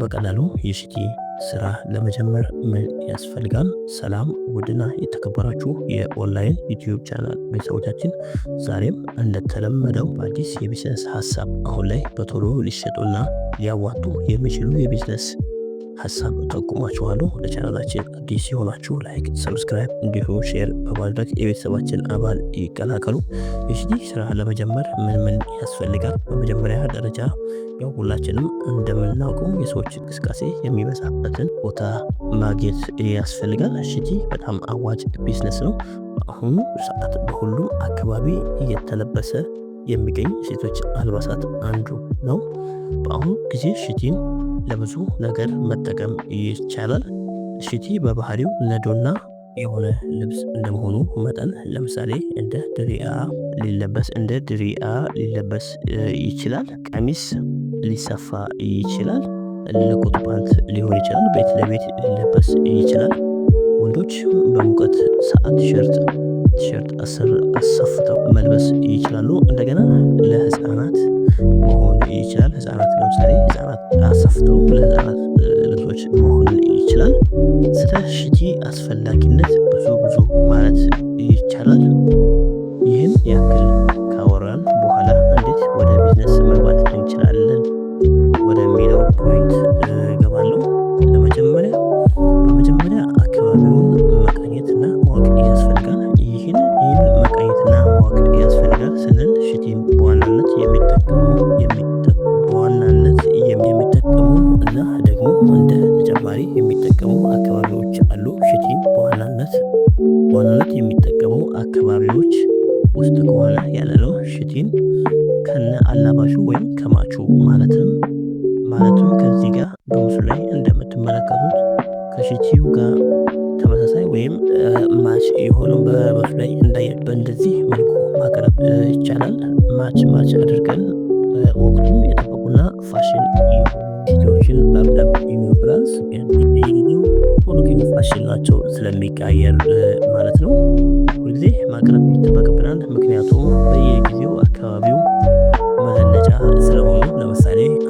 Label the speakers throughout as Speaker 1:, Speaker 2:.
Speaker 1: በቀላሉ የሲቲ ስራ ለመጀመር ምን ያስፈልጋል? ሰላም ውድና የተከበራችሁ የኦንላይን ዩቲዩብ ቻናል ቤተሰቦቻችን፣ ዛሬም እንደተለመደው በአዲስ የቢዝነስ ሀሳብ አሁን ላይ በቶሎ ሊሸጡና ሊያዋጡ የሚችሉ የቢዝነስ ሀሳብ ጠቁማችኋለሁ። ለቻናላችን አዲስ የሆናችሁ ላይክ፣ ሰብስክራይብ እንዲሁም ሼር በማድረግ የቤተሰባችን አባል ይቀላቀሉ። የሽዲ ስራ ለመጀመር ምን ምን ያስፈልጋል? በመጀመሪያ ደረጃ ያው ሁላችንም እንደምናውቀው የሰዎች እንቅስቃሴ የሚበዛበትን ቦታ ማግኘት ያስፈልጋል። ሽቲ በጣም አዋጭ ቢዝነስ ነው። በአሁኑ ሰዓት በሁሉም አካባቢ እየተለበሰ የሚገኝ ሴቶች አልባሳት አንዱ ነው። በአሁኑ ጊዜ ሽቲን ለብዙ ነገር መጠቀም ይቻላል። እሽቲ በባህሪው ነዶና የሆነ ልብስ እንደመሆኑ መጠን ለምሳሌ እንደ ድሪያ ሊለበስ እንደ ድሪያ ሊለበስ ይችላል። ቀሚስ ሊሰፋ ይችላል። ለኮት ፓንት ሊሆን ይችላል። ቤት ለቤት ሊለበስ ይችላል። ወንዶች በሙቀት ሰዓት ሸርጥ ቲሸርት አስር አሰፍተው መልበስ ይችላሉ። እንደገና ለህፃናት መሆን ይችላል። ህጻናት ለምሳሌ ህጻናት አሰፍተው ለህጻናት ልብሶች መሆን ይችላል። ስለ ሽቲ አስፈላጊነት ብዙ ብዙ ማለት ይቻላል። ይህን ያክል ካወራን በኋላ እንዴት ወደ ቢዝነስ መግባት እንችላለን? የሚጠቅማችሁ ማለትም ማለትም ከዚህ ጋር በምስሉ ላይ እንደምትመለከቱት ከሽቺው ጋር ተመሳሳይ ወይም ማች የሆነው በመስሉ ላይ እንዳየ በእንደዚህ መልኩ ማቅረብ ይቻላል። ማች ማች አድርገን ወቅቱ የጠበቁና ፋሽን ሽቲዎችን መቅረብ ይኖርብናል። ይህኛው ቶሎኪን ፋሽን ናቸው ስለሚቀያየር ማለት ነው። ሁልጊዜ ማቅረብ ይጠበቅብናል። ምክንያቱም በየ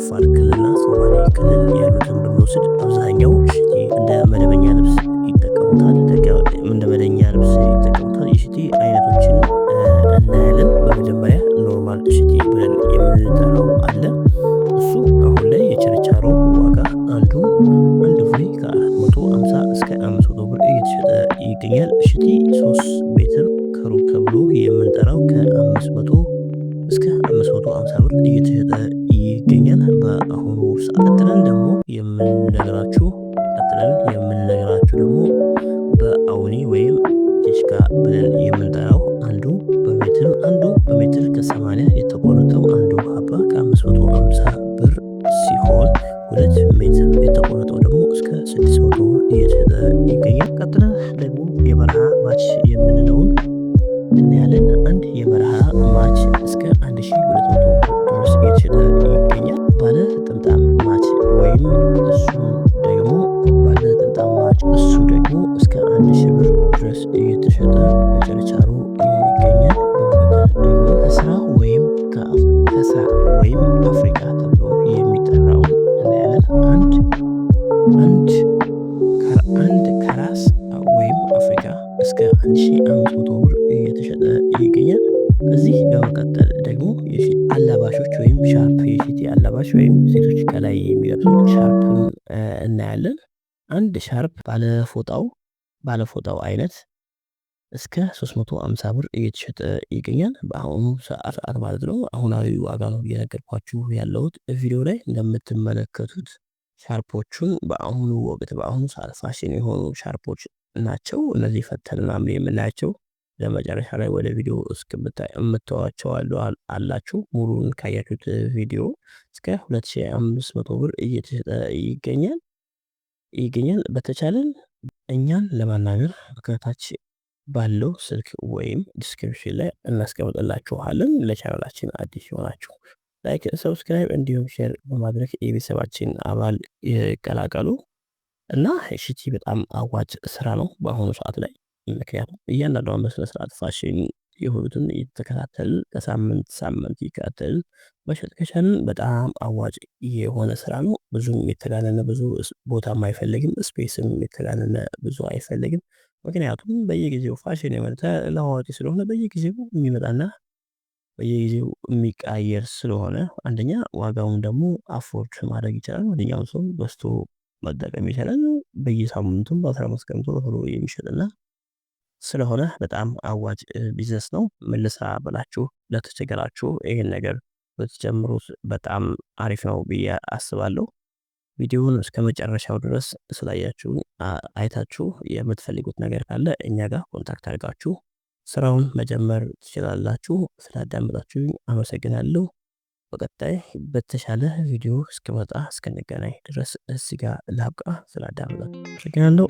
Speaker 1: አፋር ክልልና ሶማሌ ክልል ያሉትን ብንወስድ አብዛኛው ሽቲ እንደ መደበኛ ልብስ ይጠቀሙታል። እንደ መደኛ ልብስ ይጠቀሙታል። የሽቲ አይነቶችን እናያለን። በመጀመሪያ ኖርማል ሽቲ ብለን የምንጠራው አለ። እሱ አሁን ላይ የችርቻሮ ዋጋ አንዱ አንድ ፍሬ ከአራት መቶ አምሳ እስከ አምስት ብር እየተሸጠ ይገኛል። ሽቲ ሶስት በመቀጠል ደግሞ አላባሾች ወይም ሻርፕ የፊት አላባሽ ወይም ሴቶች ከላይ የሚለብሱት ሻርፕ እናያለን። አንድ ሻርፕ ባለፎጣው ባለፎጣው አይነት እስከ 350 ብር እየተሸጠ ይገኛል በአሁኑ ሰዓት ማለት ነው። አሁናዊ ዋጋ ነው እየነገርኳችሁ ያለሁት። ቪዲዮ ላይ እንደምትመለከቱት ሻርፖቹን በአሁኑ ወቅት በአሁኑ ሰዓት ፋሽን የሆኑ ሻርፖች ናቸው እነዚህ። ፈተና ምናምን የምናያቸው ለመጨረሻ ላይ ወደ ቪዲዮ እስከምታየምታዋቸው አላችሁ። ሙሉን ካያችሁት ቪዲዮ እስከ 2500 ብር እየተሸጠ ይገኛል ይገኛል። በተቻለን እኛን ለማናገር ከታች ባለው ስልክ ወይም ዲስክሪፕሽን ላይ እናስቀምጥላችኋለን። ለቻናላችን አዲስ ሲሆናችሁ ላይክ፣ ሰብስክራይብ እንዲሁም ሼር በማድረግ የቤተሰባችን አባል ይቀላቀሉ እና ሽቲ በጣም አዋጭ ስራ ነው በአሁኑ ሰዓት ላይ ምክንያቱም እያንዳንዷን በስነ ስርዓት ፋሽን የሆኑትን እየተከታተል ከሳምንት ሳምንት ይከተል መሸጥ ከቻልን በጣም አዋጭ የሆነ ስራ ነው። ብዙም የተጋነነ ብዙ ቦታም አይፈልግም፣ ስፔስም የተጋነነ ብዙ አይፈልግም። ምክንያቱም በየጊዜው ፋሽን የመጠ ተለዋዋጭ ስለሆነ በየጊዜው የሚመጣና በየጊዜው የሚቃየር ስለሆነ አንደኛ ዋጋውን ደግሞ አፎርድ ማድረግ ይችላል። ማንኛውም ሰው በስቶ መጠቀም ይቻላል። በየሳምንቱም በአስራ አምስት ቀን ቶሎ የሚሸጥና ስለሆነ በጣም አዋጭ ቢዝነስ ነው። ምን ብላችሁ ለተቸገራችሁ ይህን ነገር ብትጀምሩት በጣም አሪፍ ነው ብዬ አስባለሁ። ቪዲዮውን እስከ መጨረሻው ድረስ ስላያችሁ አይታችሁ የምትፈልጉት ነገር ካለ እኛ ጋር ኮንታክት አድርጋችሁ ስራውን መጀመር ትችላላችሁ። ስላዳመጣችሁ አመሰግናለሁ። በቀጣይ በተሻለ ቪዲዮ እስክመጣ እስክንገናኝ ድረስ እዚህ ጋር ላብቃ። ስላዳመጣችሁ አመሰግናለሁ።